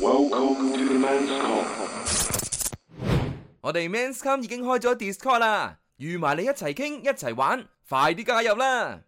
Welcome to the men's come。我哋 men's come 已經開咗 Discord 啦，預埋你一齊傾一齊玩，快啲加入啦！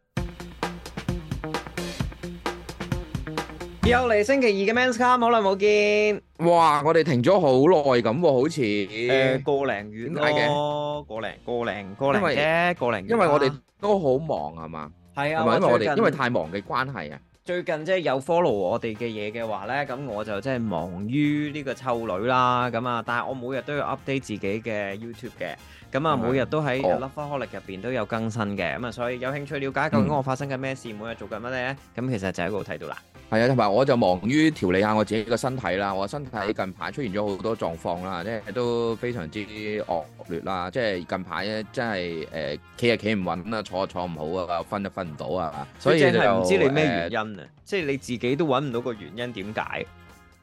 又嚟星期二嘅 men's come，好耐冇見。哇！我哋停咗好耐咁，好似誒，個零遠係嘅，個零個零個零啫，個零。因為我哋都好忙係嘛，係啊因為我哋因為太忙嘅關係啊。最近即係有 follow 我哋嘅嘢嘅話呢，咁我就即係忙於呢個湊女啦咁啊。但係我每日都要 update 自己嘅 YouTube 嘅，咁啊每日都喺 Lovaholic 入邊都有更新嘅咁啊，嗯、所以有興趣了解究竟我發生緊咩事，嗯、每日做緊乜咧，咁其實就喺度睇到啦。係啊，同埋我就忙於調理下我自己個身體啦。我身體近排出現咗好多狀況啦，即係都非常之惡劣啦。即係近排咧，真係誒企又企唔穩啦，坐，著坐著又坐唔好啊，瞓又瞓唔到啊。所以就真係唔知你咩原因啊！呃、即係你自己都揾唔到個原因點解？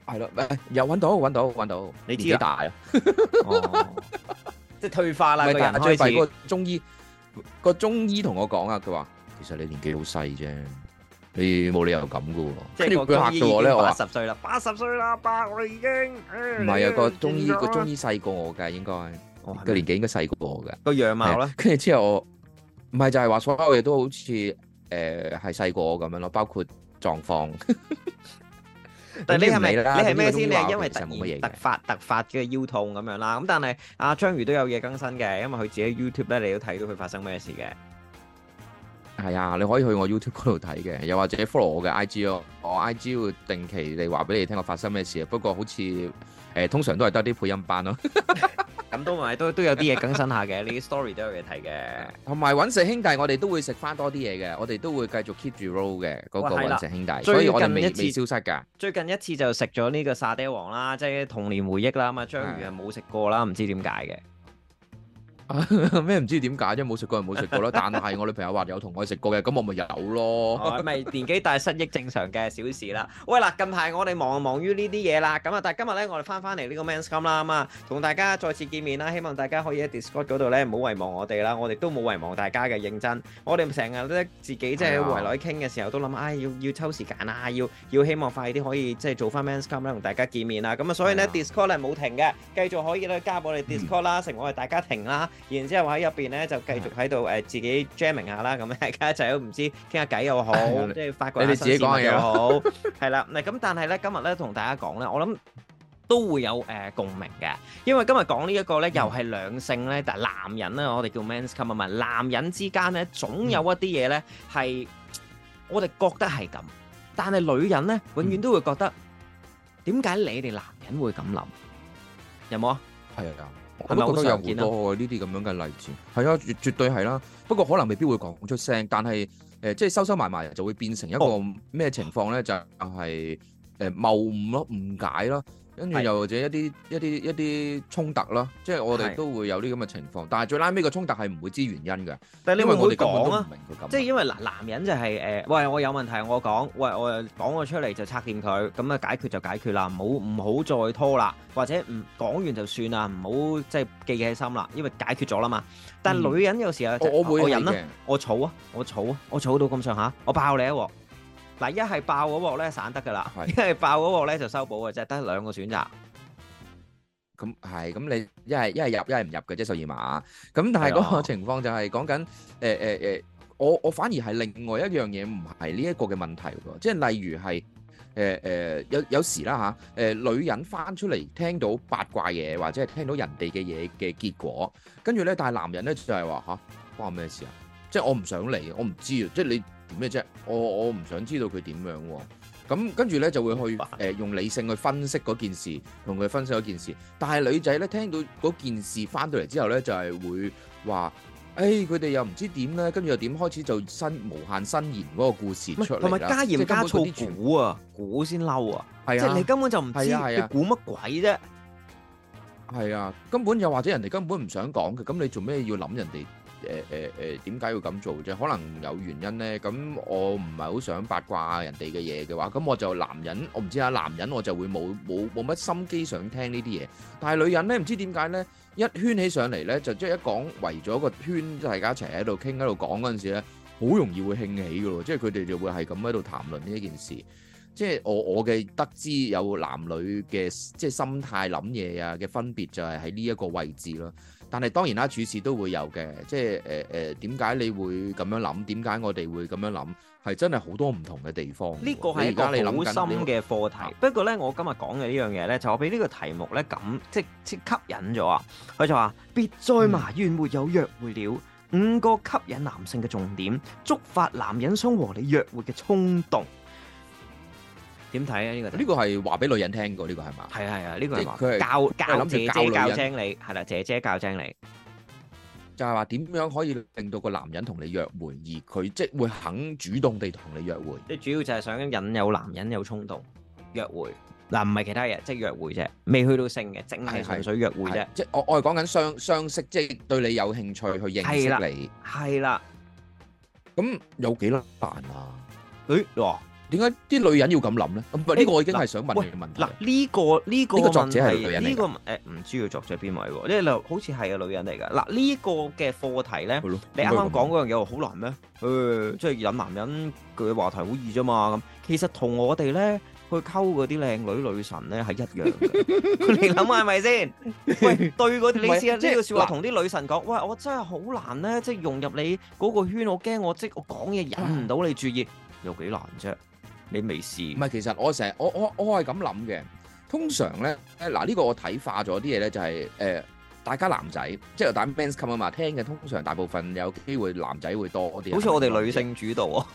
係咯，又揾到揾到揾到。到到你自己大啊？即係退化啦。個人開始。最弊嗰個中醫，個中醫同、嗰個嗰個、我講啊，佢話：其實你年紀好細啫。你冇、哎、理由咁噶，跟住佢嚇到我咧，我八說十說歲啦，八十歲啦，八我已經。唔係啊，個中醫個中醫細過我㗎，應該個、哦、年紀應該細過我㗎。個樣嘛，跟住之後我唔係就係話所有嘢都好似誒係細過我咁樣咯，包括狀況。 但你係咪你係咩先？你係因為突突發突發嘅腰痛咁樣啦。咁但係阿、啊、章魚都有嘢更新嘅，因為佢自己 YouTube 咧，你都睇到佢發生咩事嘅。係啊，你可以去我 YouTube 嗰度睇嘅，又或者 follow 我嘅 IG 咯，我 IG 會定期嚟話俾你聽我發生咩事啊。不過好似誒、呃，通常都係得啲配音班咯、啊。咁 都咪都都有啲嘢更新下嘅，呢啲 story 都有嘢睇嘅。同埋揾食兄弟，我哋都會食翻多啲嘢嘅，我哋都會繼續 keep 住 roll 嘅嗰個揾食兄弟。所以，我哋未未消失噶。最近一次，近一次就食咗呢個沙爹王啦，即係童年回憶啦嘛。章魚係冇食過啦，唔的知點解嘅。咩唔知點解，因為冇食過就冇食過啦。但係我女朋友話有同我食過嘅，咁我咪有咯。咪年紀大失憶正常嘅小事啦。喂嗱，近排我哋忙忙於呢啲嘢啦，咁啊，但係今日咧我哋翻翻嚟呢個 Men's Come 啦，咁啊，同大家再次見面啦。希望大家可以喺 Discord 嗰度咧唔好遺忘我哋啦，我哋都冇遺忘大家嘅認真。我哋成日咧自己即係圍內傾嘅時候都諗啊，要要抽時間啊，要要希望快啲可以即係做翻 Men's Come 咧同大家見面啦。咁啊，所以咧 Discord 係冇停嘅，繼續可以咧加我哋 Discord 啦，成為大家庭啦。然之後喺入邊咧就繼續喺度誒自己 jamming 下啦，咁咧大家一齊都唔知傾下偈又好，即係發覺你哋自己講嘢又好，係啦。嗱咁但係咧今日咧同大家講咧，我諗都會有誒共鳴嘅，因為今日講呢一個咧又係兩性咧，但係男人咧我哋叫咩？Men's Come，男人之間咧總有一啲嘢咧係我哋覺得係咁，但係女人咧永遠都會覺得點解你哋男人會咁諗？有冇啊？係啊，咁。是是我都覺得有好多呢啲咁樣嘅例子，係啊，啊，絕絕對係啦。不過可能未必會講出聲，但係誒、呃，即係收收埋埋，就會變成一個咩情況咧？哦、就係、是、誒，謬、呃、誤咯，誤解咯。跟住又或者一啲是一啲一啲衝突咯，即係我哋都會有啲咁嘅情況。是但係最拉尾個衝突係唔會知原因嘅，但你會會因為我哋根本都唔明。即係因為嗱，男人就係、是、誒、呃，喂我有問題我講，喂我講咗出嚟就拆掂佢，咁啊解決就解決啦，唔好唔好再拖啦，或者唔講完就算啦，唔好即係記喺心啦，因為解決咗啦嘛。但係女人有時候、嗯、就我會忍咯，我儲啊，我儲啊，我儲到咁上下，我爆你啊！嗱，一係爆嗰鑊咧散得㗎喇，一係爆嗰鑊咧是就收補嘅啫，得兩個選擇。咁係，咁你一係一係入，一係唔入嘅啫，十二碼。咁但係嗰個情況就係講緊，誒誒誒，我我反而係另外一樣嘢唔係呢一個嘅問題喎，即係例如係，誒、呃、誒、呃、有有時啦吓，誒、啊呃、女人返出嚟聽到八卦嘢或者係聽到人哋嘅嘢嘅結果，跟住咧，但係男人咧就係話吓，關我咩事啊？即係我唔想嚟我唔知啊，即係你。唔咩啫？我我唔想知道佢點樣喎。咁跟住咧就會去誒用理性去分析嗰件事，同佢分析嗰件事。但係女仔咧聽到嗰件事返到嚟之後咧，就係會話：誒佢哋又唔知點咧，跟住又點開始就新無限新言嗰個故事。唔係，同埋加鹽加醋估啊，估先嬲啊，係啊，即係你根本就唔知你估乜鬼啫。係啊，根本又或者人哋根本唔想講嘅，咁你做咩要諗人哋？誒誒誒，點解、呃呃、要咁做啫？可能有原因咧。咁我唔係好想八卦人哋嘅嘢嘅話，咁我就男人，我唔知啊。男人我就會冇冇冇乜心機想聽呢啲嘢。但係女人咧，唔知點解咧，一圈起上嚟咧，就即係一講圍咗個圈，大家一齊喺度傾，喺度講嗰陣時咧，好容易會興起噶咯。即係佢哋就會係咁喺度談論呢一件事。即係我我嘅得知有男女嘅即係心態諗嘢啊嘅分別，就係喺呢一個位置咯。但係當然啦，主持都會有嘅，即係誒誒，點、呃、解你會咁樣諗？點解我哋會咁樣諗？係真係好多唔同嘅地方。呢個係一個好深嘅課題。不過呢，我今日講嘅呢樣嘢呢，啊、就我俾呢個題目呢感，即係吸引咗啊！佢就話：別再埋怨沒有約會了，五個吸引男性嘅重點，觸發男人想和你約會嘅衝動。點睇啊？呢個呢個係話俾女人聽噶，呢個係嘛？係係啊，呢個係教教姐姐教精你，係啦，姐姐教精你，就係話點樣可以令到個男人同你約會，而佢即係會肯主動地同你約會。即係主要就係想引誘男人有衝動約會。嗱，唔係其他嘢，即係約會啫，未去到性嘅，即係純粹約會啫。即係我我係講緊相相識，即係對你有興趣去認識你，係啦。咁有幾難辦啊？誒，哇！點解啲女人要咁諗咧？唔係呢個我已經係想問你嘅問題。嗱，呢個呢個呢個作者係女人嚟。呢個誒，唔知個作者邊位喎？呢度好似係個女人嚟噶。嗱，呢個嘅課題咧，你啱啱講嗰樣嘢話好難咩？誒，即係引男人嘅話題好易啫嘛。咁其實同我哋咧去溝嗰啲靚女女神咧係一樣嘅。你諗下係咪先？喂，對嗰啲，即係說話，同啲女神講，喂，我真係好難咧，即係融入你嗰個圈，我驚我即係我講嘢引唔到你注意，有幾難啫？你未試？唔係，其實我成日我我我係咁諗嘅。通常咧，嗱呢個我睇化咗啲嘢咧，就係誒大家男仔，即係 Men's Come 啊嘛，聽嘅通常大部分有機會男仔會多啲。好似我哋女性主導啊，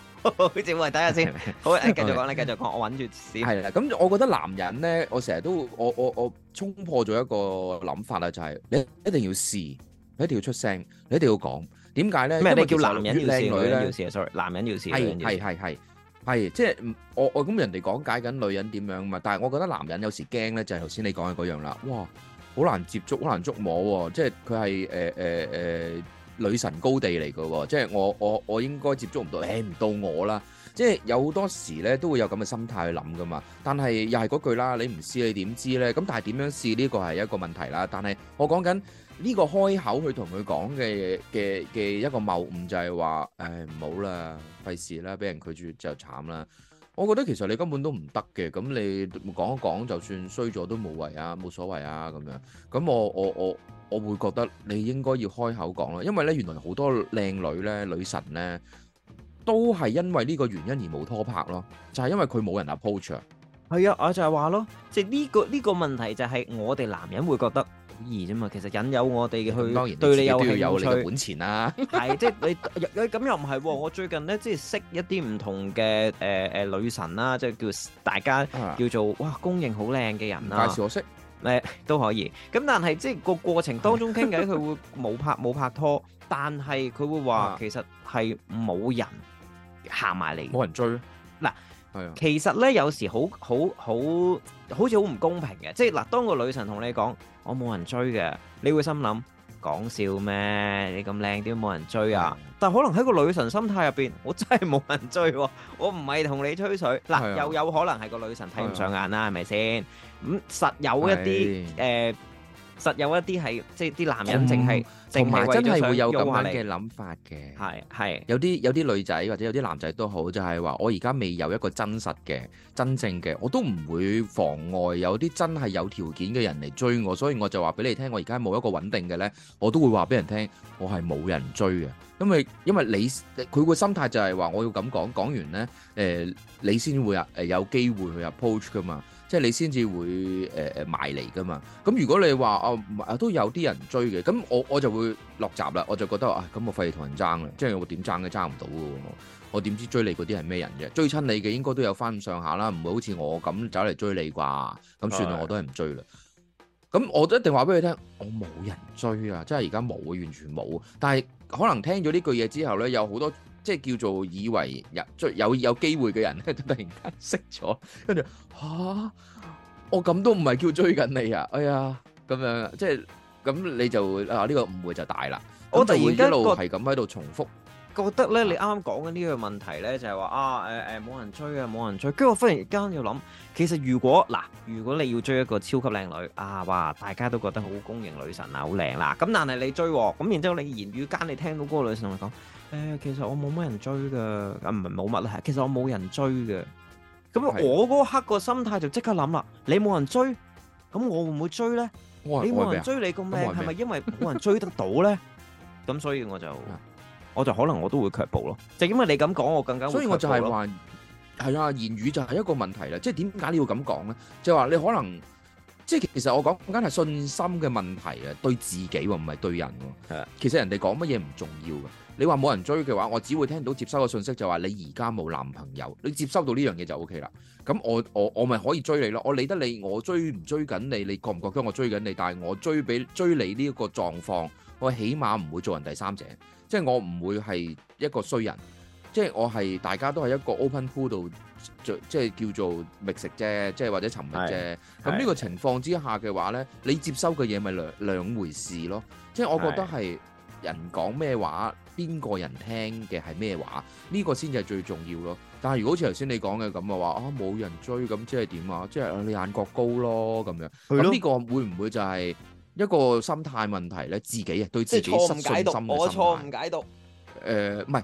直接喂，等下先，好，繼續講，你繼續講，我揾住先。係啦，咁我覺得男人咧，我成日都我我我衝破咗一個諗法啊，就係你一定要試，你一定要出聲，你一定要講。點解咧？咩？你叫男人要試，女人要試啊？sorry，男人要試，係係係。係，即係唔我我咁人哋講解緊女人點樣嘛，但係我覺得男人有時驚咧，就係頭先你講嘅嗰樣啦。哇，好難接觸，好難捉摸喎，即係佢係誒誒誒女神高地嚟㗎喎，即係我我我應該接觸唔到，誒唔到我啦。即係有好多時咧都會有咁嘅心態去諗㗎嘛。但係又係嗰句啦，你唔試你點知咧？咁但係點樣試呢個係一個問題啦。但係我講緊。呢個開口去同佢講嘅嘅嘅一個謬誤就係話，誒唔好啦，費事啦，俾人拒絕就慘啦。我覺得其實你根本都唔得嘅，咁你講一講就算衰咗都冇謂啊，冇所謂啊咁樣。咁我我我我會覺得你應該要開口講啦，因為咧原來好多靚女咧女神咧都係因為呢個原因而冇拖拍咯，就係因為佢冇人 approach。係啊，我就係話咯，即係呢個呢個問題就係我哋男人會覺得。易啫嘛，其實引誘我哋去當然你對你有興趣，都要有你嘅本錢啦、啊是。係， 即係你咁又唔係喎？我最近咧即係識一啲唔同嘅誒誒女神啦、啊，即係叫大家、啊、叫做哇，公認好靚嘅人啦、啊。介紹我識誒都可以。咁但係即係個過程當中傾偈，佢的會冇拍冇 拍拖，但係佢會話其實係冇人行埋嚟，冇人追。嗱、啊，其實咧有時好好好好似好唔公平嘅，即係嗱，當個女神同你講。我冇人追嘅，你會心諗講笑咩？你咁靚點冇人追啊？嗯、但可能喺個女神心態入邊，我真係冇人追喎。我唔係同你吹水，嗱、啊、又有可能係個女神睇唔上眼啦，係咪先？咁、嗯、實有一啲誒。是呃實有一啲係，即係啲男人淨係同埋真係會有咁樣嘅諗法嘅，係係有啲有啲女仔或者有啲男仔都好，就係、係、話我而家未有一個真實嘅、真正嘅，我都唔會妨礙有啲真係有條件嘅人嚟追我，所以我就話俾你聽，我而家冇一個穩定嘅呢，我都會話俾人聽，我係冇人追嘅，因為因為你佢個心態就係話我要咁講，講完呢，誒、呃、你先會啊誒有機、呃、會去 approach 㗎嘛。即係你先至會誒誒埋嚟㗎嘛，咁如果你話啊都有啲人追嘅，咁我我就會落閘啦，我就覺得啊咁、哎、我費事同人爭啦，即係我點爭都爭唔到嘅喎，我點知追你嗰啲係咩人啫？追親你嘅應該都有翻上下啦，唔會好似我咁走嚟追你啩，咁算啦的，我都係唔追啦。咁我都一定話俾你聽，我冇人追啊，即係而家冇，完全冇。但係可能聽咗呢句嘢之後咧，有好多。即係叫做以為有追有有機會嘅人咧，就突然間識咗，跟住吓，我咁都唔係叫追緊你啊！哎呀，咁樣即係咁你就啊呢個誤會就大啦！我突然一路係咁喺度重複。覺得咧，你啱啱講緊呢個問題咧，就係話啊，誒誒，冇人追啊，冇人追。跟住我忽然間又諗，其實如果嗱，如果你要追一個超級靚女啊，哇，大家都覺得好公認女神啊，好靚啦。咁但係你追，咁然之後你言語間你聽到嗰個女神同你講，誒，其實我冇乜人追噶，咁唔係冇乜啦，其實我冇人追嘅。咁我嗰個刻個心態就即刻諗啦，你冇人追，咁我會唔會追咧？你冇人追你咁靚，係咪因為冇人追得到咧？咁所以我就。我就可能我都會卻步咯，就因為你咁講，我更加會。所以我就係話係啊，言語就係一個問題啦。即係點解你要咁講咧？就係話你可能即係其實我講緊係信心嘅問題啊，對自己唔係對人。係啊，其實人哋講乜嘢唔重要嘅。你話冇人追嘅話，我只會聽到接收嘅信息就話你而家冇男朋友，你接收到呢樣嘢就 O K 啦。咁我我我咪可以追你咯。我理得你，我追唔追緊你？你覺唔覺得我追緊你？但係我追俾追你呢一個狀況，我起碼唔會做人第三者。即係我唔會係一個衰人，即係我係大家都係一個 open pool 度，即係叫做覓食啫，即係或者尋物啫。咁呢是個情況之下嘅話咧，是你接收嘅嘢咪兩兩回事咯。即係我覺得係人講咩話，邊個是人聽嘅係咩話，呢、呢個先至係最重要咯。但係如果好似頭先你講嘅咁啊話啊冇人追，咁即係點啊？即係你眼角高咯咁樣。係咁呢個會唔會就係、是？一個心態問題咧，自己啊，對自己失信心嘅心態。即係錯誤解讀，我錯誤解讀。誒、呃，唔係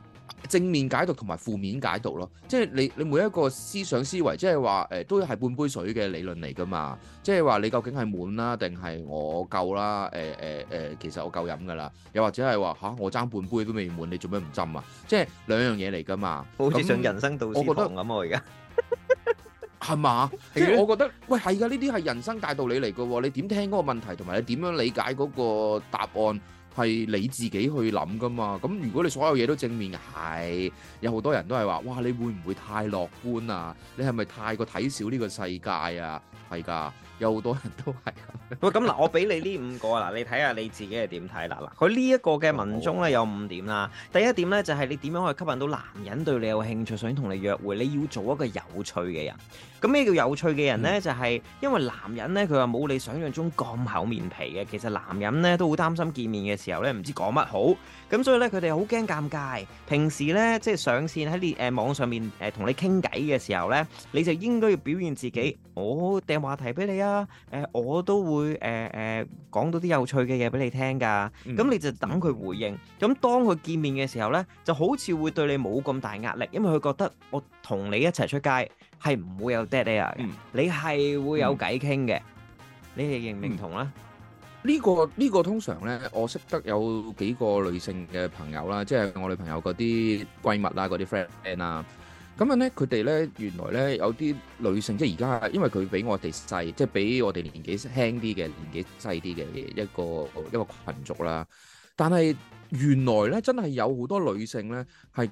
正面解讀同埋負面解讀咯。即係你你每一個思想思維，即係話誒，都係半杯水嘅理論嚟噶嘛。即係話你究竟係滿啦，定係我夠啦？誒誒誒，其實我夠飲噶啦。又或者係話吓，我爭半杯都未滿，你做咩唔斟啊？即係兩樣嘢嚟噶嘛。好似上人生導師堂咁那我而家。 係嘛？即係我覺得，喂，係㗎，呢啲係人生大道理嚟㗎喎。你點聽嗰個問題，同埋你點樣理解嗰個答案係你自己去諗㗎嘛？咁如果你所有嘢都正面係，有好多人都係話：哇！你會唔會太樂觀啊？你係咪太過睇小呢個世界啊？係㗎，有好多人都係。咁嗱， 我俾你呢五個嗱，你睇下你自己係點睇啦？嗱，佢呢一個嘅文中咧個有五點啦。第一點咧就係、是、你點樣可以吸引到男人對你有興趣，想同你約會？你要做一個有趣嘅人。咁咩叫有趣嘅人呢？就係、是、因為男人呢，佢話冇你想像中咁厚面皮嘅。其實男人呢，都好擔心見面嘅時候呢，唔知講乜好。咁所以呢，佢哋好驚尷尬。平時呢，即係上線喺誒、呃、網上面誒同你傾偈嘅時候呢，你就應該要表現自己。我掟、嗯哦、話題俾你啊！誒、呃，我都會。會誒誒講到啲有趣嘅嘢俾你聽噶，咁你就等佢回應。咁當佢見面嘅時候咧，就好似會對你冇咁大壓力，因為佢覺得我同你一齊出街係唔會有 dead air 嘅，你係會有偈傾嘅。你哋認唔認同咧？呢個呢個通常咧，我識得有幾個女性嘅朋友啦，即係我女朋友嗰啲閨蜜啦，嗰啲 friend 啊。咁樣咧，佢哋咧原來咧有啲女性，即係而家，因為佢比我哋細，即係比我哋年紀輕啲嘅年紀細啲嘅一個一個群族啦。但係原來咧，真係有好多女性咧係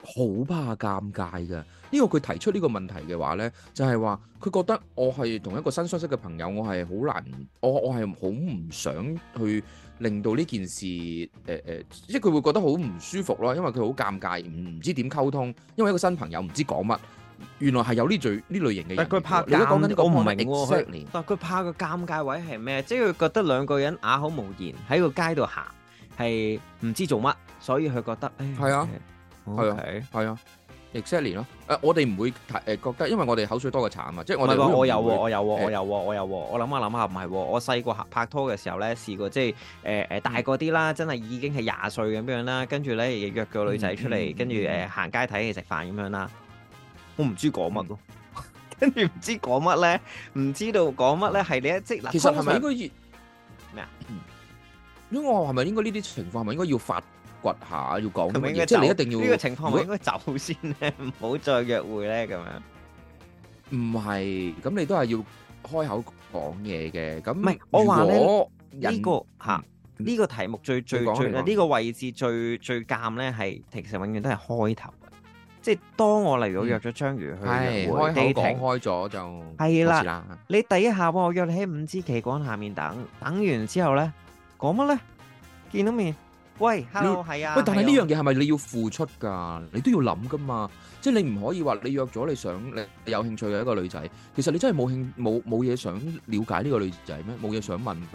好怕尷尬噶。呢個佢提出呢個問題嘅話咧，就係話佢覺得我係同一個新相識嘅朋友，我係好難，我我係好唔想去。令到呢件事，誒、呃、誒、呃，即係佢會覺得好唔舒服咯，因為佢好尷尬，唔唔知點溝通，因為一個新朋友唔知講乜，原來係有呢類呢類型嘅人。但佢怕，你都講緊我唔明 exactly 但佢怕個尷尬位係咩？即係佢覺得兩個人啞口無言喺個街度行，係唔知做乜，所以佢覺得，係啊，係 okay, 啊，係啊。Exactly 咯，誒，我哋唔會誒覺得，因為我哋口水多過茶啊嘛，即係我哋係我有喎，我有喎，我有喎，我有喎，我諗下諗下，唔係，我細個拍拖嘅時候咧，試過即係誒誒大個啲啦，真係已經係廿歲咁樣啦，跟住咧約個女仔出嚟，跟住誒行街睇戲食飯咁樣啦，我唔知講乜咯，跟住唔知講乜咧，唔知道講乜咧，係你一即係其實係咪應該要咩啊？咁我係咪應該呢啲情況係咪應該要發？掘下要講嘅嘢，即係你一定要呢個情況，我應該走先咧，唔好再約會咧，咁樣。唔係，咁你都係要開口講嘢嘅。咁唔係，我話咧呢個吓呢個題目最最最呢個位置最最尷咧，係其實永遠都係開頭，即係當我嚟到我約咗章魚去約會，講開咗就係啦。你第一下我約你喺五支旗杆下面等，等完之後咧講乜咧？見到面。喂係你啊。喂，但係呢樣嘢係咪你要付出噶？你都要諗噶嘛。即係你唔可以話你約咗你想你有興趣嘅一個女仔，其實你真係冇興冇冇嘢想了解呢個女仔咩？冇嘢想問咩？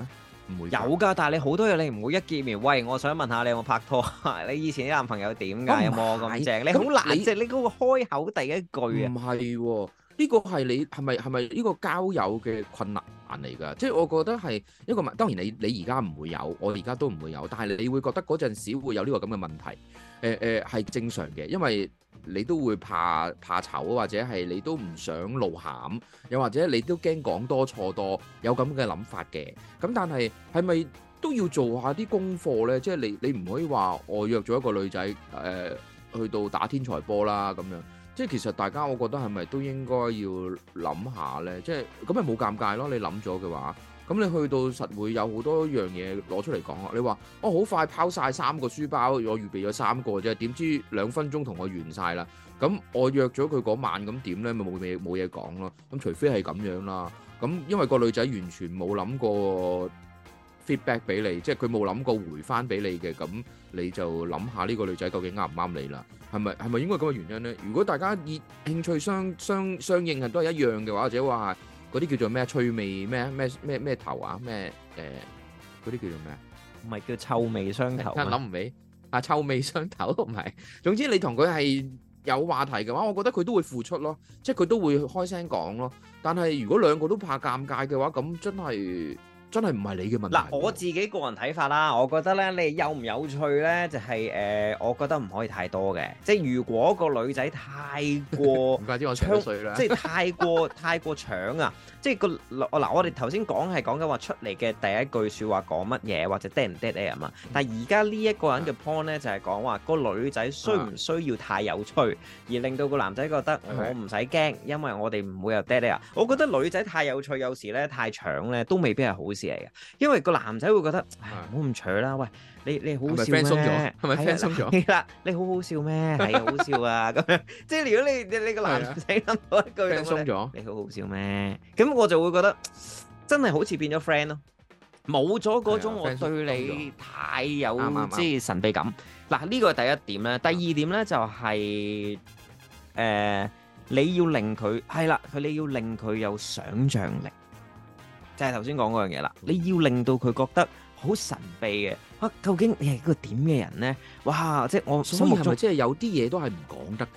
唔會有㗎。但係你好多嘢，你唔會一見面，喂，我想問下你有冇拍拖 你以前啲男朋友點㗎？有冇咁正？你好難，即係你嗰個開口第一句唔係呢個係你，係咪係咪呢個交友嘅困難嚟㗎？即係我覺得係一個問，當然你你而家唔會有，我而家都唔會有，但係你會覺得嗰陣時會有呢個咁嘅問題，誒誒係正常嘅，因為你都會怕怕醜，或者係你都唔想露餡，又或者你都驚講多錯多，有咁嘅諗法嘅。咁但係係咪都要做下啲功課咧？即係你你唔可以話我約咗一個女仔誒、呃、去到打天才波啦咁樣。即係其實大家，我覺得係咪都應該要諗下咧？即係咁咪冇尷尬咯。你諗咗嘅話，咁你去到實會有好多樣嘢攞出嚟講啊！你話我好快拋晒三個書包，我預備咗三個啫，點知兩分鐘同我完晒啦？咁我約咗佢嗰晚咁點咧？咪冇嘢冇嘢講咯。咁除非係咁樣啦。咁因為個女仔完全冇諗過 feedback 俾你，即係佢冇諗過回翻俾你嘅，咁你就諗下呢個女仔究竟啱唔啱你啦？係咪係咪應該咁嘅原因咧？如果大家以興趣相相相應，係都係一樣嘅話，或者話嗰啲叫做咩啊，趣味咩啊咩咩咩頭啊，咩誒嗰啲叫做咩啊？唔係叫臭味相投啊？諗唔起啊，臭味相投唔係。總之你同佢係有話題嘅話，我覺得佢都會付出咯，即係佢都會開聲講咯。但係如果兩個都怕尷尬嘅話，咁真係。真係唔係你嘅問題。嗱，我自己個人睇法啦，我覺得咧，你有唔有趣咧，就係、是、誒、呃，我覺得唔可以太多嘅。即係如果個女仔太過 唔怪我搶水， 即係太過太過搶啊！即係個我嗱，我哋頭先講係講緊話出嚟嘅第一句説話講乜嘢，或者 Dead 唔 Dead air 啊嘛。但係而家呢一個人嘅 point 咧，就係講話個女仔需唔需要太有趣，而令到個男仔覺得 Okay.、嗯、我唔使驚，因為我哋唔會有 Dead air 啊。我覺得女仔太有趣，有時咧太搶咧，都未必係好事嚟嘅，因為個男仔會覺得唉，唔好咁搶啦，喂。你你好好笑咩？係咪 friend 鬆咗？係啦，你好好笑咩？係啊，好笑啊咁樣。即係如果你你你個男仔諗到一句，鬆咗，你好好笑咩？咁我就會覺得真係好似變咗 friend 咯，冇咗嗰種我對你太有即係神秘感。嗱，呢個係第一點啦，第二點咧就係誒你要令佢係啦，佢你要令佢有想像力，就係頭先講嗰樣嘢啦。你要令到佢覺得。好神秘嘅啊！究竟你係一個點嘅人咧？哇！即我所以係咪即係有啲嘢都係唔講得嘅？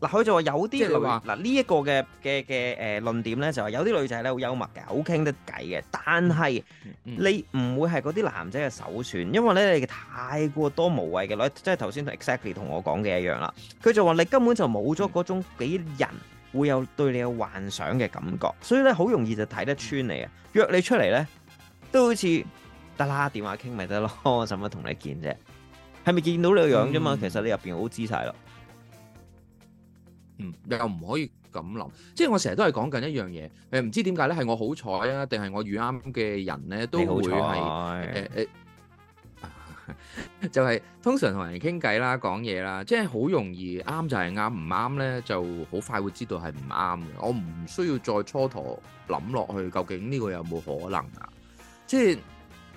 嗱，佢就話有啲，就話嗱呢一個嘅嘅嘅誒論點咧，就話有啲女仔咧好幽默嘅，好傾得偈嘅，但係你唔會係嗰啲男仔嘅首選，因為咧你太過多無謂嘅女，即係頭先 exactly 同我講嘅一樣啦。佢就話你根本就冇咗嗰種俾人會有對你有幻想嘅感覺，所以咧好容易就睇得穿你啊！約你出嚟咧，都好似～得啦，電話傾咪得咯，使乜同你見啫？係咪見到你個樣啫嘛？嗯、其實你入邊我知曬咯。嗯，又唔可以咁諗，即係我成日都係講緊一樣嘢。誒、呃，唔知點解咧，係我好彩啊，定係我遇啱嘅人咧，都會係誒誒，就係通常同人傾偈啦、講嘢啦，即係好容易啱就係啱，唔啱咧就好快會知道係唔啱嘅。我唔需要再蹉跎諗落去，究竟呢個有冇可能啊？即係。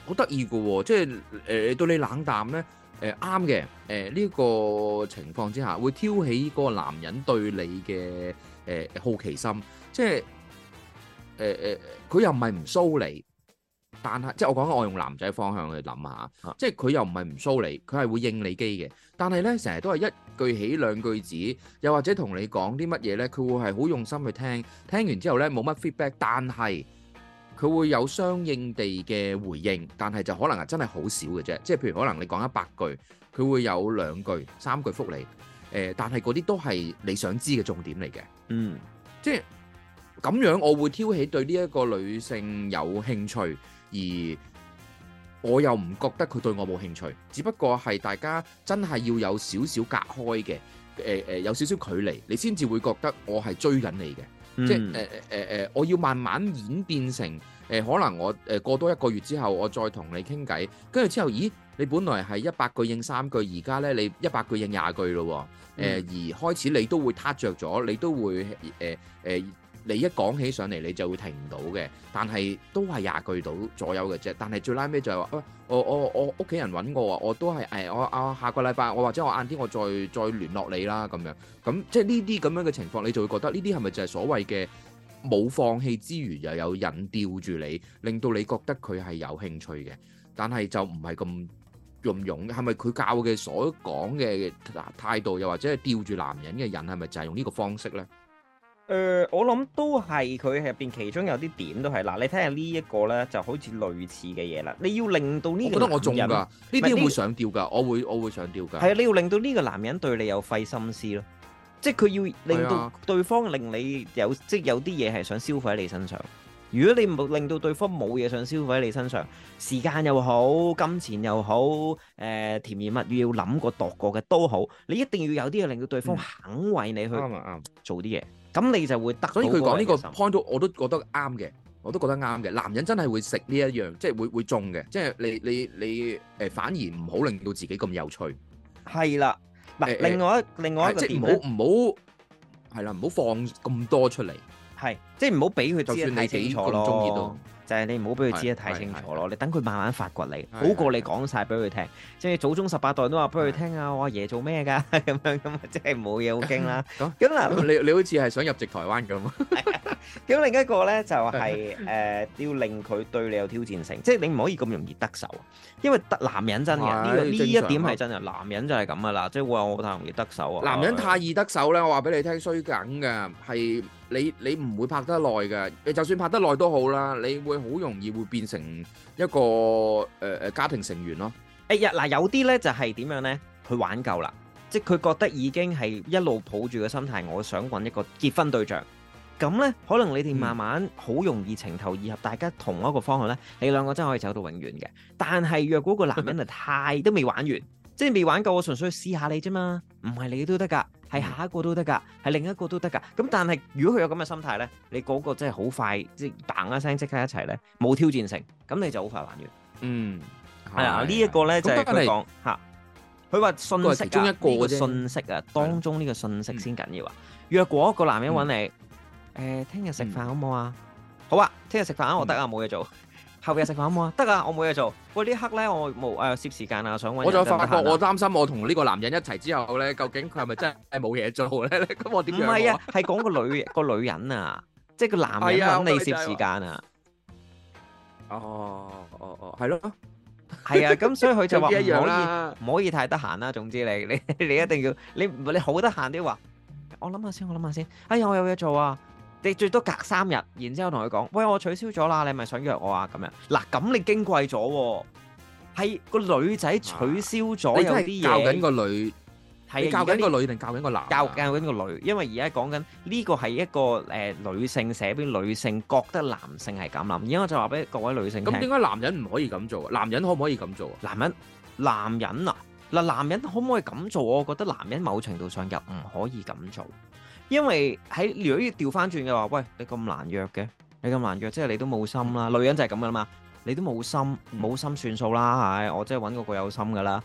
好得意嘅喎，即係誒對你冷淡咧，誒啱嘅誒呢個情況之下，會挑起個男人對你嘅誒好奇心，即係誒誒佢又唔係唔騷你，但係即係我講緊我用男仔方向去諗下，即係佢又唔係唔騷你，佢係會應你機嘅，但係咧成日都係一句起兩句止，又或者同你講啲乜嘢咧，佢會係好用心去聽，聽完之後咧冇乜 feedback，但係。佢會有相應地嘅回應，但係就可能係真係好少嘅啫。即係譬如可能你講一百句，佢會有兩句、三句覆你。誒，但係嗰啲都係你想知嘅重點嚟嘅。嗯，即係咁樣，我會挑起對呢一個女性有興趣，而我又唔覺得佢對我冇興趣。只不過係大家真係要有少少隔開嘅，誒誒有少少距離，你先至會覺得我係追緊你嘅。即係誒誒誒我要慢慢演變成誒、呃，可能我誒、呃、過多一個月之後，我再同你傾偈，跟住之後，咦？你本來係一百句應三句，而家咧你一百句應廿句咯，誒、呃、而開始你都會撻着咗，你都會誒誒。呃呃呃你一講起上嚟你就會停唔到嘅，但係都係廿句到左右嘅啫。但係最拉尾就係、是、話：喂、哦，哦哦、我我我屋企人揾我話，我都係誒我啊下個禮拜我或者我晏啲我再再聯絡你啦咁樣。咁即係呢啲咁樣嘅情況，你就會覺得呢啲係咪就係所謂嘅冇放棄之餘又有人吊住你，令到你覺得佢係有興趣嘅，但係就唔係咁用用。係咪佢教嘅所講嘅嗱態度，又或者係吊住男人嘅人係咪就係用呢個方式咧？誒、呃，我諗都係佢入邊其中有啲點都係嗱，你睇下呢一個咧，就好似類似嘅嘢啦。你要令到呢個男人，呢啲是會上吊噶你，我會我會上吊噶。係啊，你要令到呢個男人對你有費心思咯，即係佢要令到對方令你有即係有啲嘢係想消費喺你身上。如果你唔令到對方冇嘢想消費喺你身上，時間又好，金錢又好，誒、呃、甜言蜜語要諗過度過嘅都好，你一定要有啲嘢令到對方肯為你去、嗯嗯嗯嗯嗯、做啲嘢。咁你就會得，所以佢講呢個 point 我都覺得啱嘅，我都覺得啱嘅。男人真係會食呢一樣，即係會會中嘅，即係你你你誒，反而唔好令到自己咁有趣。係啦，嗱，另外一、呃、另外一個點即係唔好唔好係啦，唔好放咁多出嚟。係，即係唔好俾佢就算你睇清楚咯。但係你唔好俾佢知得太清楚咯，你等佢慢慢發掘你，好過你講晒俾佢聽，即係祖宗十八代都話俾佢聽啊！我阿爺做咩㗎？咁樣咁即係冇嘢好驚啦。咁嗱，你你好似係想入籍台灣咁，咁另一個咧就係誒要令佢對你有挑戰性，即係你唔可以咁容易得手，因為得男人真嘅呢呢一點係真嘅，男人就係咁噶啦，即係話我太容易得手啊！男人太易得手咧，我話俾你聽衰緊㗎，係。你你唔會拍得耐嘅，你就算拍得耐都好啦，你會好容易會變成一個誒誒、呃、家庭成員咯。誒呀、hey, yeah,，嗱、就是，有啲咧就係點樣咧去玩夠啦，即係佢覺得已經係一路抱住個心態，我想揾一個結婚對象，咁咧可能你哋慢慢好、嗯、容易情投意合，大家同一個方向咧，你兩個真係可以走到永遠嘅。但係若果個男人係太 都未玩完，即係未玩夠，我純粹試下你啫嘛，唔係你都得噶。係下一個都得噶，係另一個都得噶。咁但係如果佢有咁嘅心態咧，你嗰個真係好快，即係砰一聲即刻一齊咧，冇挑戰性，咁你就好快玩完。嗯，係啊，的呢啊一個咧就係佢講吓，佢話信息、啊，中呢個信息啊當中呢個信息先緊要啊。嗯、若果一個男人揾你，誒、嗯，聽日食飯好唔好？、嗯、好啊？好啊，聽日食飯我得啊，冇嘢、嗯、做。後日食飯冇啊？得啊，我冇嘢做。不過呢一刻咧，我無誒，攝時間啊，想搵。我就發覺我擔心我同呢個男人一齊之後咧，究竟佢係咪真係冇嘢做咧？咁我點樣？唔係啊，係講個女個女人啊，即係個男人等你攝時間啊。哦哦哦，係咯，係啊。咁所以佢就話唔可以，唔可以太得閒啦。總之你你你一定要你你好得閒啲話，我諗下先，我諗下先。哎呀，我有嘢做啊。你最多隔三日，然之後同佢講，喂，我取消咗啦，你係咪想約我啊？咁樣嗱，咁你矜貴咗喎，係個女仔取消咗，有啲嘢教緊個女，係教緊個女定教緊個男？教教緊個女，因為而家講緊呢個係一個誒女性寫俾女性，覺得男性係咁諗。而家我就話俾各位女性，咁點解男人唔可以咁做？男人可唔可以咁做？男人，男人啊嗱，男人可唔可以咁做？我覺得男人某程度上又唔可以咁做。因為喺如果要調翻轉嘅話，喂，你咁難約嘅，你咁難約，即係你都冇心啦。女人就係咁噶啦嘛，你都冇心，冇心算數啦。唉，我真係搵個個有心噶啦。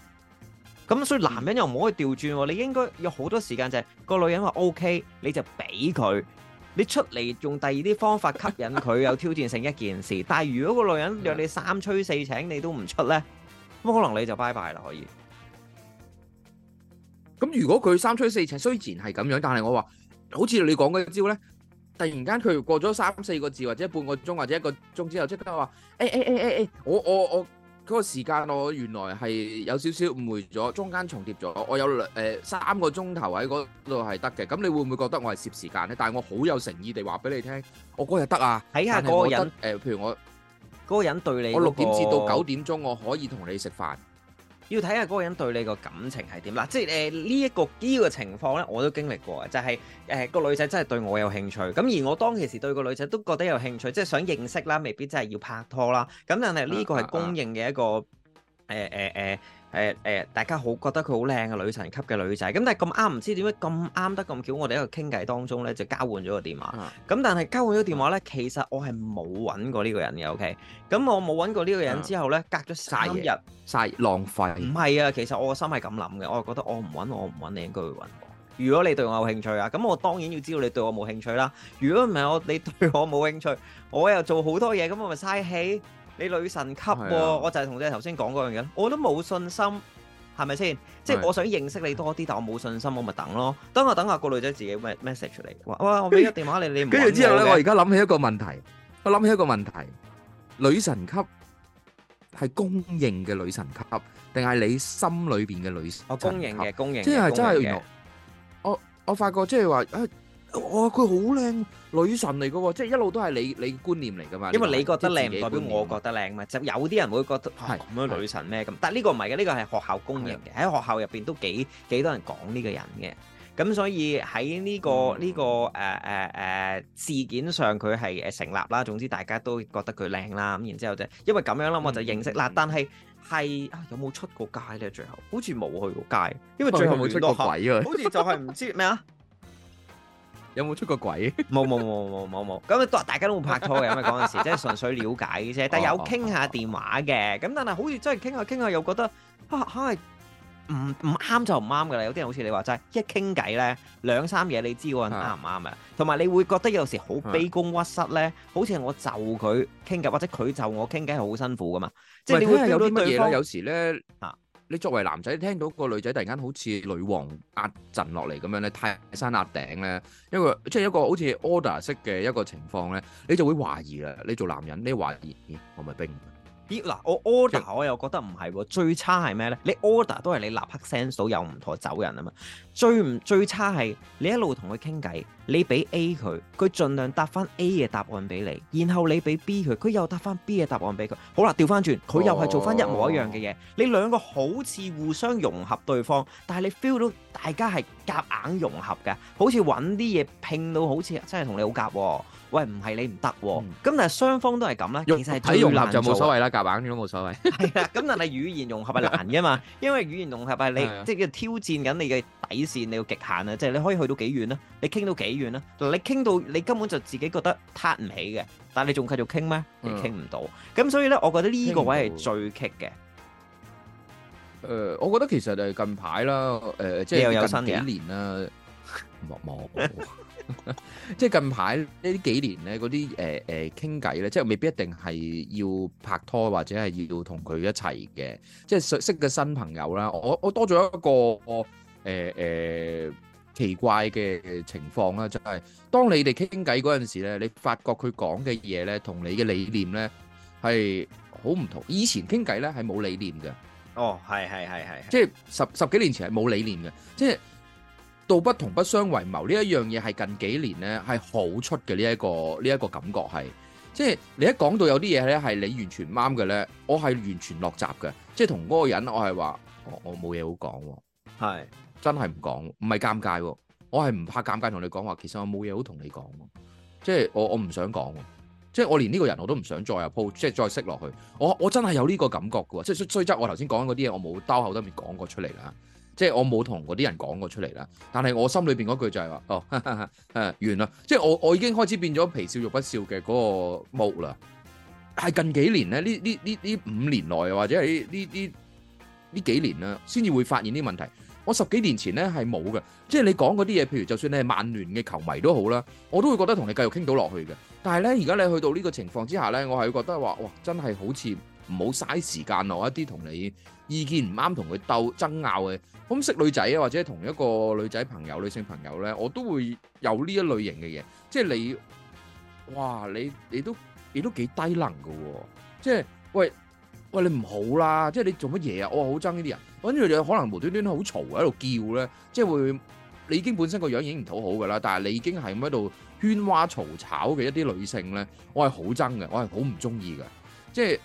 咁所以男人又唔可以調轉，你應該有好多時間就係個女人話 OK，你就俾佢，你出嚟用第二啲方法吸引佢， 有挑戰性一件事。但係如果個女人約你三催四請，你都唔出呢？咁可能你就拜拜啦。可以。咁如果佢三催四請，雖然係咁樣，但係我話。好似你講嗰招咧，突然間佢過咗三四個字，或者半個鐘，或者一個鐘之後，即刻話：誒誒誒誒誒，我我我嗰、嗰個時間我原來係有少少誤會咗，中間重疊咗，我有兩、呃、三個鐘頭喺嗰度係得嘅。咁你會唔會覺得我係攝時間咧？但係我好有誠意地話俾你聽，我嗰日得啊，睇下嗰個人誒、呃。譬如我嗰個人對你、那個，我六點至到九點鐘我可以同你食飯。要睇下嗰個人對你個感情係點，嗱，即係誒、呃這個這個、呢一個呢個情況咧，我都經歷過嘅，就係誒個女仔真係對我有興趣，咁而我當其時對個女仔都覺得有興趣，即係想認識啦，未必真係要拍拖啦，咁但係呢個係公認嘅一個誒誒誒。呃呃呃呃誒誒，大家好覺得佢好靚嘅女神級嘅女仔，咁但係咁啱唔知點解咁啱得咁巧，我哋喺度傾偈當中咧就交換咗個電話，咁、嗯、但係交換咗電話咧，嗯、其實我係冇揾過呢個人嘅，OK？咁我冇揾過呢個人之後咧，嗯、隔咗一日，嘥浪費。唔係啊，其實我個心係咁諗嘅，我係覺得我唔揾，我唔揾，你應該會揾我。如果你對我有興趣啊，咁我當然要知道你對我冇興趣啦。如果唔係我，你對我冇興趣，我又做好多嘢，咁我咪嘥氣。你女神級，我就係同你頭先講嗰樣嘢，我都冇信心，係咪先？即係我想認識你多啲，但係我冇信心，我咪等咯。等吓等吓，個女仔自己 message 嚟，話哇，我俾個電話你，你跟住之後咧，我而家諗起一個問題，我諗起一個問題，女神級係公認嘅女神級，定係你心裏邊嘅女神？我公認嘅公認，即係真係原來我我發覺即係話啊。哇佢好靚，女神嚟噶喎，即係一路都係你你觀念嚟噶嘛？因為你覺得靚唔代表我覺得靚嘛？就有啲人會覺得係咁樣女神咩？咁但係呢個唔係嘅，呢個係學校公認嘅。喺學校入邊都幾幾多人講呢個人嘅，咁所以喺呢個呢個誒誒誒事件上佢係誒成立啦。總之大家都覺得佢靚啦，咁然之後就因為咁樣啦，我就認識啦。但係係啊有冇出過街咧？最後好似冇去過街，因為最後冇出過街啊，好似就係唔知咩啊？有冇出過軌？冇冇冇冇冇冇，咁大家都冇拍拖嘅，咁啊嗰陣時即係純粹了解嘅啫。但有傾下電話嘅，咁、哦哦哦、但係好似真係傾下傾下又覺得嚇，可能唔唔啱就唔啱噶啦。有啲人好似你話齋，一傾偈咧兩三嘢，你知嗰人啱唔啱啦。同埋、啊、你會覺得有時好卑躬屈膝咧、啊啊，好似我就佢傾偈，或者佢就我傾偈係好辛苦噶嘛。即係、啊、你會覺得有啲乜嘢咧？有時咧啊～你作為男仔，聽到個女仔突然間好似女王壓陣落嚟咁樣咧，泰山壓頂咧，一個即係一個好似 order 式嘅一個情況咧，你就會懷疑啦。你做男人，你懷疑，咦、欸，我係咪冰。啲嗱我 order 實我又覺得唔係喎，最差係咩呢？你 order 都係你立刻 sense 到有唔妥走人啊嘛，最唔最差係你一路同佢傾偈，你俾 A 佢，佢盡量答翻 A 嘅答案俾你，然後你俾 B 佢，佢又答翻 B 嘅答案俾佢，好啦，調翻轉佢又係做翻一模一樣嘅嘢，哦、你兩個好似互相融合對方，但係你 feel 到大家係夾硬，硬融合嘅，好似揾啲嘢拼到好似真係同你好夾喎。喂，唔係你唔得，咁但係雙方都係咁啦。其實係體育男就冇所謂啦，夾硬都冇所謂。係啊，咁但係語言融合係難噶嘛，因為語言融合係你即係挑戰緊你嘅底線，你要極限啊，即係你可以去到幾遠啦，你傾到幾遠啦。嗱，你傾到你根本就自己覺得撐唔起嘅，但係你仲繼續傾咩？你傾唔到。咁所以咧，我覺得呢個位係最棘嘅。誒，我覺得其實就係近排啦，誒，即係近幾年啦，冇冇。即係近排呢幾年咧，嗰啲誒誒傾偈咧，即係未必一定係要拍拖或者係要同佢一齊嘅，即係識識嘅新朋友啦。我我多咗一個誒誒奇怪嘅情況啦，就係當你哋傾偈嗰陣時咧，你發覺佢講嘅嘢咧，同你嘅理念咧係好唔同。以前傾偈咧係冇理念嘅，哦，係係係係，即係十十幾年前係冇理念嘅，即係。道不同，不相為謀，呢一樣嘢係近幾年咧，係好出嘅呢一個呢一個感覺係，即係你一講到有啲嘢咧係你完全啱嘅咧，我係完全落閘嘅，即係同嗰個人我係話，我我冇嘢好講，係真係唔講，唔係尷尬喎，我係唔怕尷尬同你講話，其實我冇嘢好同你講，即係我我唔想講，即係我連呢個人我都唔想再入鋪，即係再識落去，我我真係有呢個感覺嘅喎，即係雖則我頭先講嗰啲嘢我冇兜口兜面講過出嚟啦。即係我冇同嗰啲人講過出嚟啦，但係我心裏邊嗰句就係、是、話，哦，哈哈啊、完啦！即係我我已經開始變咗皮笑肉不笑嘅嗰個模啦。係近幾年咧，呢呢呢呢五年內，或者係呢呢呢幾年啦，先至會發現啲問題。我十幾年前咧係冇嘅，即係你講嗰啲嘢，譬如就算你係曼聯嘅球迷都好啦，我都會覺得同你繼續傾到落去嘅。但係咧，而家你去到呢個情況之下咧，我係覺得話，哇，真係好黐！唔好嘥時間囉，一啲同你意見唔啱，同佢鬥爭拗嘅。咁識女仔啊，或者同一個女仔朋友、女性朋友咧，我都會有呢一類型嘅嘢。即係你，哇！你你都你都幾低能㗎喎！即係喂喂，你唔好啦！即係你做乜嘢啊？我好憎呢啲人，跟住，你可能無端端好嘈喺度叫咧。即係會你已經本身個樣已經唔討好㗎啦，但係你已經係咁喺度喧譁嘈吵嘅一啲女性咧，我係好憎嘅，我係好唔中意嘅。即係。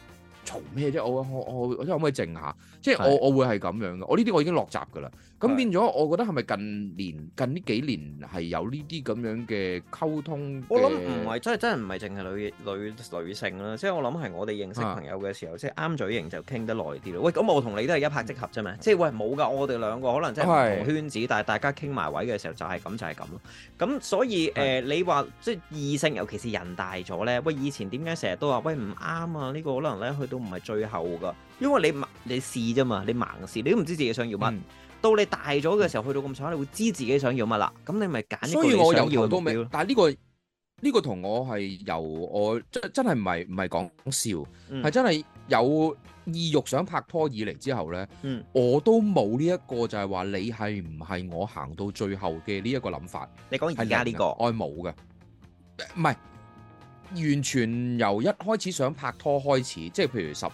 嘈咩啫？我我我可唔可以靜下？即係我的我會係咁樣嘅。我呢啲我已經落閘㗎啦。咁變咗，我覺得係咪近年近呢幾年係有呢啲咁樣嘅溝通？我諗唔係，真係真係唔係淨係女女女性啦。即係我諗係我哋認識朋友嘅時候，的即係啱嘴型就傾得耐啲咯。喂，咁我同你都係一拍即合啫嘛。的即係喂冇㗎，我哋兩個可能真係唔同圈子，的但係大家傾埋位嘅時候就係咁就係咁咯。咁所以誒的、呃，你話即係異性，尤其是人大咗咧，喂，以前點解成日都話喂唔啱啊？呢、呢個可能咧去。都唔係最後噶，因為你盲你試啫嘛，你盲試，你都唔知自己想要乜。嗯、到你大咗嘅時候，嗯、去到咁上下，你會知自己想要乜啦。咁你咪揀。所以我由頭到尾，但係、這、呢個呢、這個同我係由我，我真真係唔係唔係講笑，係、嗯、真係有意欲想拍拖以嚟，之後咧，嗯、我都冇呢一個就係話你係唔係我行到最後嘅呢一個諗法。你講而家呢個，我冇嘅，唔係。完全由一開始想拍拖開始，即係譬如十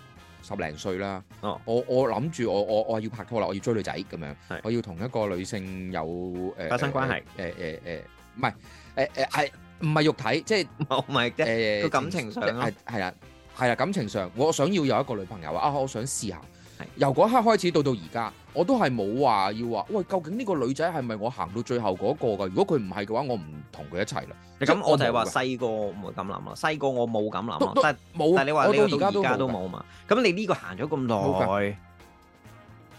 十零歲啦。哦，我我諗住我我我要拍拖啦，我要追女仔咁樣。係是，我要同一個女性有誒、呃、發生關係。誒誒誒，唔係誒誒，係唔係肉體？即係唔係嘅個感情上。係係啦，係啦，感情上我想要有一個女朋友啊！我想試下。係是，由嗰刻開始到到而家。我都係冇話要話，喂，究竟呢個女仔係咪我行到最後嗰一個㗎？如果佢唔係嘅話，我唔同佢一齊啦。咁我就係話細個唔會咁諗咯，細個我冇咁諗咯。但係冇，我到而家都冇嘛。咁你呢個行咗咁耐，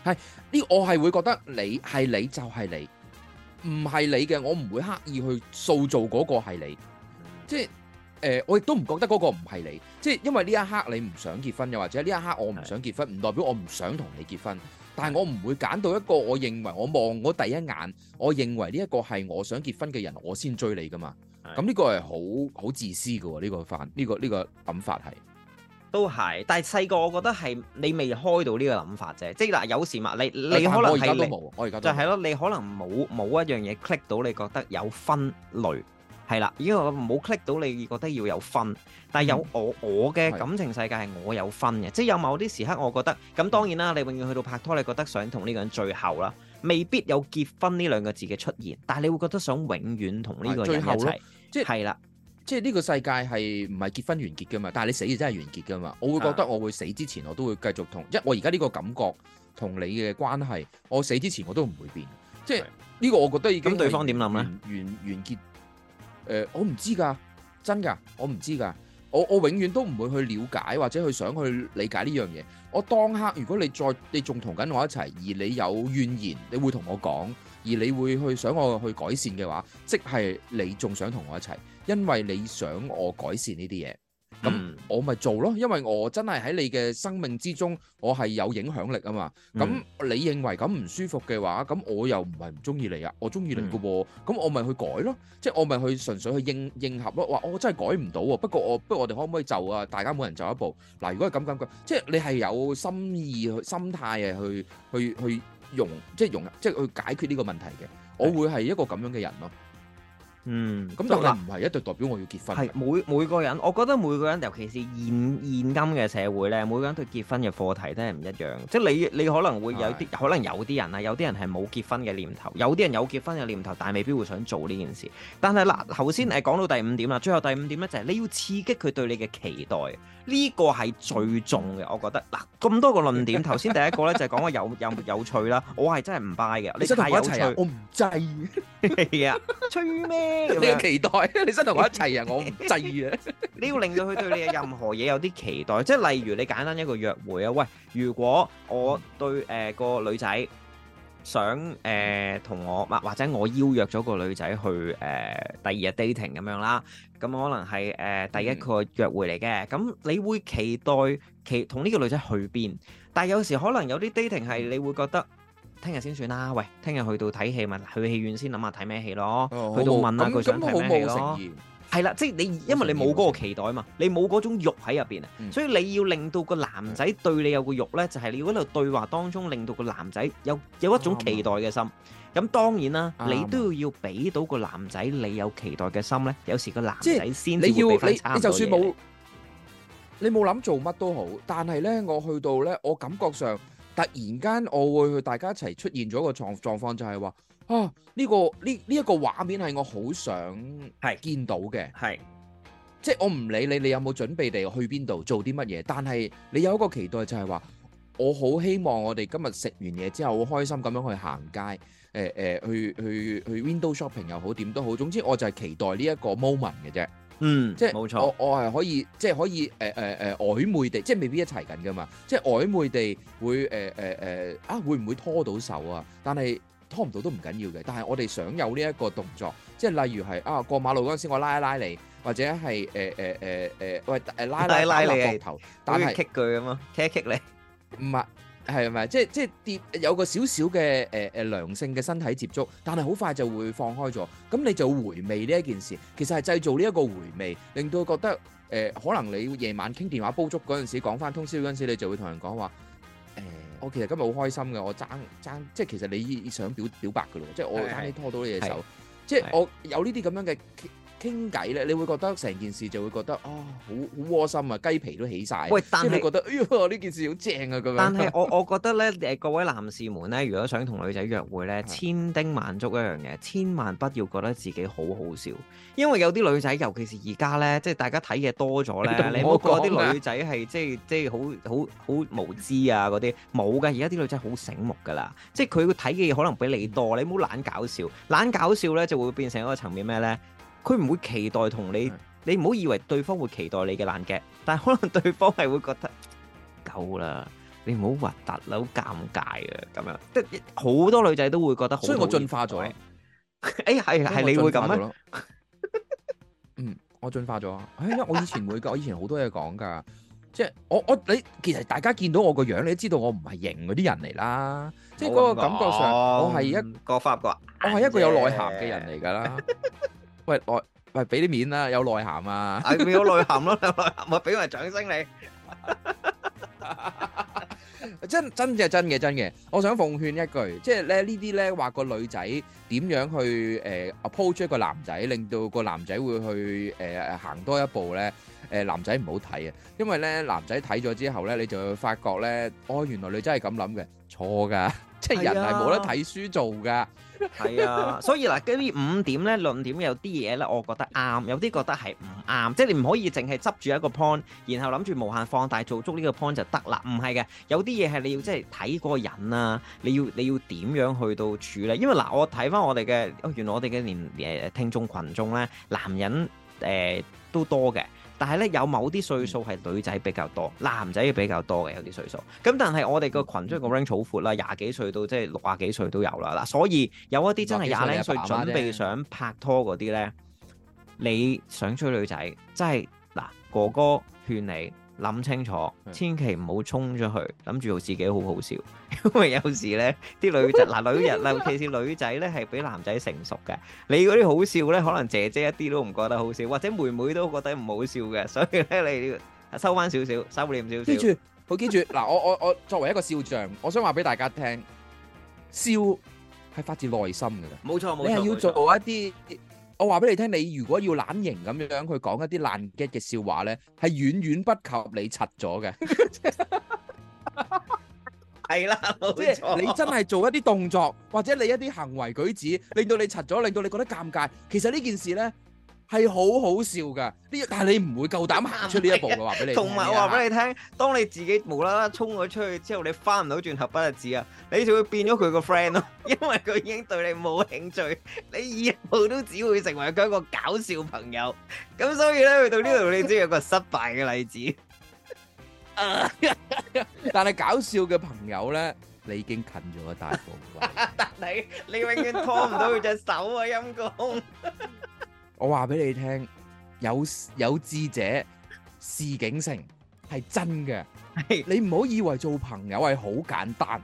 係呢？我係會覺得你係你就係你，唔係你嘅，我唔會刻意去塑造嗰個係你。即係誒，我亦都唔覺得嗰個唔係你。即係因為呢一刻你唔想結婚，又或者呢一刻我唔想結婚，唔代表我唔想同你結婚。但係我唔會揀到一個我認為我望我第一眼，我認為呢一個係我想結婚嘅人，我先追你噶嘛。咁呢是、嗯這個係好好自私嘅喎、啊，呢、這個範呢、這個呢、這個諗法係。都係，但係細個我覺得係你未開到呢個諗法啫。即係嗱，有時嘛，你你可能我而家都冇，係，就係咯，你可能冇冇一樣嘢 click 到，你覺得有分類。係啦，因為我冇 click 到，你覺得要有分，但係有我我嘅感情世界係我有分嘅，嗯、即係有某啲時刻，我覺得咁當然啦，你永遠去到拍拖，你覺得想同呢個人最後啦，未必有結婚呢兩個字嘅出現，但係你會覺得想永遠同呢個人一齊，即係啦，了即係呢個世界係唔係結婚完結噶嘛？但係你死就真係完結噶嘛？我會覺得我會死之前，我都會繼續同一是我而家呢個感覺同你嘅關係，我死之前我都唔會變，即係呢是個我覺得咁，對方點諗呢？完完結。完結誒、呃，我唔知㗎，真㗎，我唔知㗎，我我永遠都唔會去了解或者去想去理解呢樣嘢。我當刻，如果你再你仲同緊我一齊，而你有怨言，你會同我講，而你會去想我去改善嘅話，即係你仲想同我一齊，因為你想我改善呢啲嘢。咁、嗯、我咪做咯，因為我真係喺你嘅生命之中，我係有影響力啊嘛。咁、嗯、你認為咁唔舒服嘅話，咁我又唔係唔中意你啊，我中意你噶喎。咁、嗯、我咪去改咯，即係我咪去純粹去應應合咯。話我真係改唔到喎，不過我不過我哋可唔可以就啊？大家每人就一步。嗱，如果係咁咁咁，即係你係有心意心態去心態啊，去去去融，即係融，即係去解決呢個問題嘅。我會係一個咁樣嘅人咯。嗯，咁但係唔係一對代表我要結婚？係每每個人，我覺得每個人，尤其是現現今嘅社會咧，每個人對結婚嘅課題都係唔一樣。即係你你可能會有啲，是可能有啲人啊，有啲人係冇結婚嘅念頭，有啲人有結婚嘅念頭，但係未必會想做呢件事。但係嗱，頭先誒講到第五點啦，最後第五點咧就係、是、你要刺激佢對你嘅期待，呢個係最重嘅，我覺得嗱，咁多個論點，頭先第一個咧就係講個有有冇有趣啦，我係真係唔 buy 嘅，你想同我一齊啊？我唔制嘅，係啊，吹 咩？ 你期待？你想同我一齊啊？我唔制啊！你要令到佢對你有任何嘢有啲期待， 即係例如你簡單一個約會啊，喂，如果我對誒、呃嗰個女仔。想誒同、呃、我，或者我邀約咗個女仔去誒、呃、第二日 dating 咁樣啦，咁可能係誒、呃、第一個約會嚟嘅，咁你會期待期同呢個女仔去邊？但係有時可能有啲 dating 係你會覺得聽日先算啦，喂，聽日去到睇戲咪去戲院先諗下睇咩戲咯，啊、好好去到問下佢咁樣想睇咩戲咯。係啦，即係你，因為你冇嗰個期待嘛，你冇嗰種欲喺入邊啊，嗯、所以你要令到個男仔對你有個欲咧，就係、是、你要喺度對話當中，令到個男仔有有一種期待嘅心。咁了當然啦，了你都要要俾到個男仔你有期待嘅心咧，有時個男仔先你，你要你你就算冇，你冇諗做乜都好，但係咧，我去到咧，我感覺上突然間我會去大家一齊出現咗個狀狀況，就係話。啊！呢、呢個呢呢一個畫面係我好想係見到嘅，係即係我唔理你你有冇準備地去邊度做啲乜嘢，但係你有一個期待就係話，我好希望我哋今日食完嘢之後，好開心咁樣去行街，誒、呃、誒去去去 window shopping 又好點都好，總之我就係期待呢一個 moment 嘅啫。嗯，即係冇錯，我我係可以即係可以誒誒誒曖昧地，即係未必一齊緊㗎嘛，即係曖昧地會誒誒誒啊，會唔會拖到手啊？但係。拖唔到都唔緊要嘅，但係我哋想有呢一個動作，即係例如係啊過馬路嗰陣時，我拉一拉你，或者係誒誒誒誒，喂誒拉拉拉，拉，拉你膊頭是，但係～大拉你。跟住棘句咁咯，棘棘你。唔、就、係、是，係咪？即係即係跌有個少少嘅誒誒良性嘅身體接觸，但係好快就會放開咗。咁你就回味呢一件事，其實係製造呢一個回味，令到佢覺得誒、呃、可能你夜晚傾電話煲粥嗰陣時，講翻通宵嗰陣時，你就會同人講話。誒，我其實今日好開心嘅，我爭爭即係其實你想表表白嘅咯，即係我爭你拖到你隻手，的即係我有呢啲咁樣嘅。傾偈咧，你會覺得成件事就會覺得啊、哦，好好窩心啊，雞皮都起晒。喂是，但係你覺得哎呀呢件事好正啊咁樣。但係我我覺得咧，誒各位男士們咧，如果想同女仔約會咧，千叮萬囑一樣嘢，千萬不要覺得自己好好笑，因為有啲女仔，尤其是而家咧，即係大家睇嘢多咗咧，你冇、啊、覺得啲女仔係即係即係好好好無知啊，嗰啲冇嘅。而家啲女仔好醒目㗎啦，即係佢會睇嘅嘢可能比你多，你唔好懶搞笑，懶搞笑咧就會變成一個層面咩咧？佢唔會期待同你，你唔好以為對方會期待你嘅爛嘅，但係可能對方係會覺得夠啦，你唔好核突啦，好尷尬啊，咁樣，好多女仔都會覺得。所以我進化咗。誒，係係你會咁啊？嗯，我進化咗。誒，因為我以前會噶，我以前好多嘢講噶，即係我我你其實大家見到我個樣，你都知道我唔係型嗰啲人嚟啦，即係嗰個感覺上，我係一個發覺，我係一個有內涵嘅人嚟噶啦。喂內喂俾啲面啦，有內涵啊，係咪有內涵咯？內涵咪俾埋掌聲你，真真嘅真嘅真嘅。我想奉勸一句，即係咧呢啲咧話個女仔點樣去誒、呃、approach 一個男仔，令到個男仔會去誒呃、行多一步咧。誒，男仔唔好睇啊，因為咧男仔睇咗之後咧，你就會發覺咧，哦，原來你真係咁諗嘅，錯噶，即係人係冇得睇書做噶，係啊、哎呀， 所以嗱，呢五點咧論點有啲嘢咧，我覺得啱，有啲覺得係唔啱，即係 你唔可以淨係執住一個 point，然後諗住無限放大做足呢個 point 就得啦，唔係嘅，有啲嘢係你要即係睇嗰個人啊，你要你要點樣去到處理？因為嗱，我睇翻我哋嘅原來我哋嘅年誒聽眾群眾咧，男人誒、呃、都多嘅。但係咧，有某啲歲數係女仔比較多，男仔比較多嘅有啲歲數。咁但係我哋個群即係個 range 好闊啦，廿幾歲到即係六廿幾歲都有啦。嗱，所以有一啲真係廿零歲準備想拍拖嗰啲咧，你想追女仔，真係嗱，哥哥勸你。諗清楚，千祈唔好衝出去，諗住自己好好笑，因為有時咧啲女仔，嗱，女人，尤其是女仔咧，係比男仔成熟嘅。你嗰啲好笑咧，可能姐姐一啲都唔覺得好笑，或者妹妹都覺得唔好笑嘅，所以咧你要收翻少少，收斂少少。記住，記住嗱，我我我作為一個笑匠，我想話俾大家聽，笑係發自內心嘅。冇錯，冇錯，你係要做一啲。我話俾你聽，你如果要懶型咁樣去講一啲爛 gag 嘅笑話咧，係遠遠不及你柒咗嘅。係啦，即係你真係做一啲動作，或者你一啲行為舉止，令到你柒咗，令到你覺得尷尬。其實呢件事咧。係好好笑噶，呢但係你唔會夠膽行出呢一步嘅話俾你，同埋我話俾你聽，當你自己無啦啦衝咗出去之後，你翻唔到轉頭不得止啊，你就會變咗佢個 friend 咯，因為佢已經對你冇興趣，你以後都只會成為佢一個搞笑朋友。咁所以咧，去到呢度你知有一個失敗嘅例子。但係搞笑嘅朋友咧，你已經近咗一大步。但係你永遠拖唔到佢隻手啊，陰公。我話俾你聽，有有志者事竟成，係真嘅， 你唔好以為做朋友係好簡單。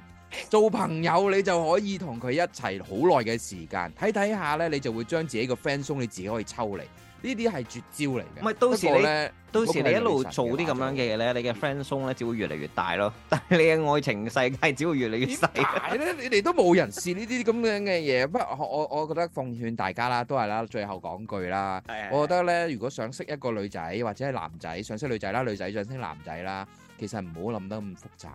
做朋友你就可以同佢一齊好耐嘅時間，睇睇下咧，你就會將自己個 friend 鬆，你自己可以抽離。呢啲係絕招嚟嘅，唔係到時你到時你一路做啲咁樣嘅嘢咧，你嘅 friend zone 咧只會越嚟越大咯，但係你嘅愛情世界只會越嚟越細。係咧，你哋都冇人試呢啲咁樣嘅嘢。 不過我我覺得奉勸大家啦，都係啦，最後講句啦，的我覺得咧，如果想識一個女仔或者係男仔，想識女仔啦，女仔想識男仔啦，其實唔好諗得咁複雜，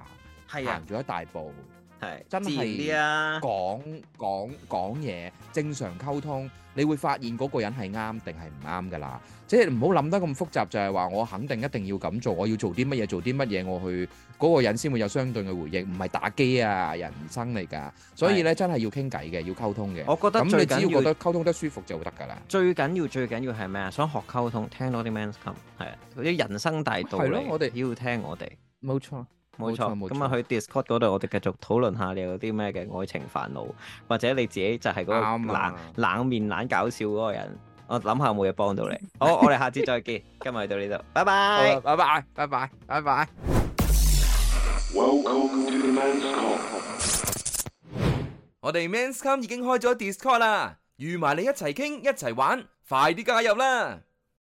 的行咗一大步。係真係講講講嘢，正常溝通，你會發現嗰個人係啱定係唔啱噶啦。即係唔好諗得咁複雜，就係話我肯定一定要咁做，我要做啲乜嘢，做啲乜嘢，我去嗰、那個人先會有相對嘅回應，唔係打機啊，人生嚟噶。所以咧，是 真係要傾偈嘅，要溝通嘅。我覺得咁你只要溝通得舒服就得噶啦。最緊要最緊要係咩啊？想學溝通，聽多啲 man come 係嗰啲人生大道理，要聽我哋。冇錯。冇錯，今日去 Discord 嗰度，我哋繼續討論下你有啲咩嘅愛情煩惱，或者你自己就係嗰個冷冷面冷搞笑嗰個人，我諗下有冇嘢幫到你。好，我哋下次再見，今日去到呢度，拜拜，拜拜，拜拜，拜拜。Welcome to Men's Come。我哋 Men's Come 已經開咗 Discord 啦，預埋你一齊傾一齊玩，快啲加入啦！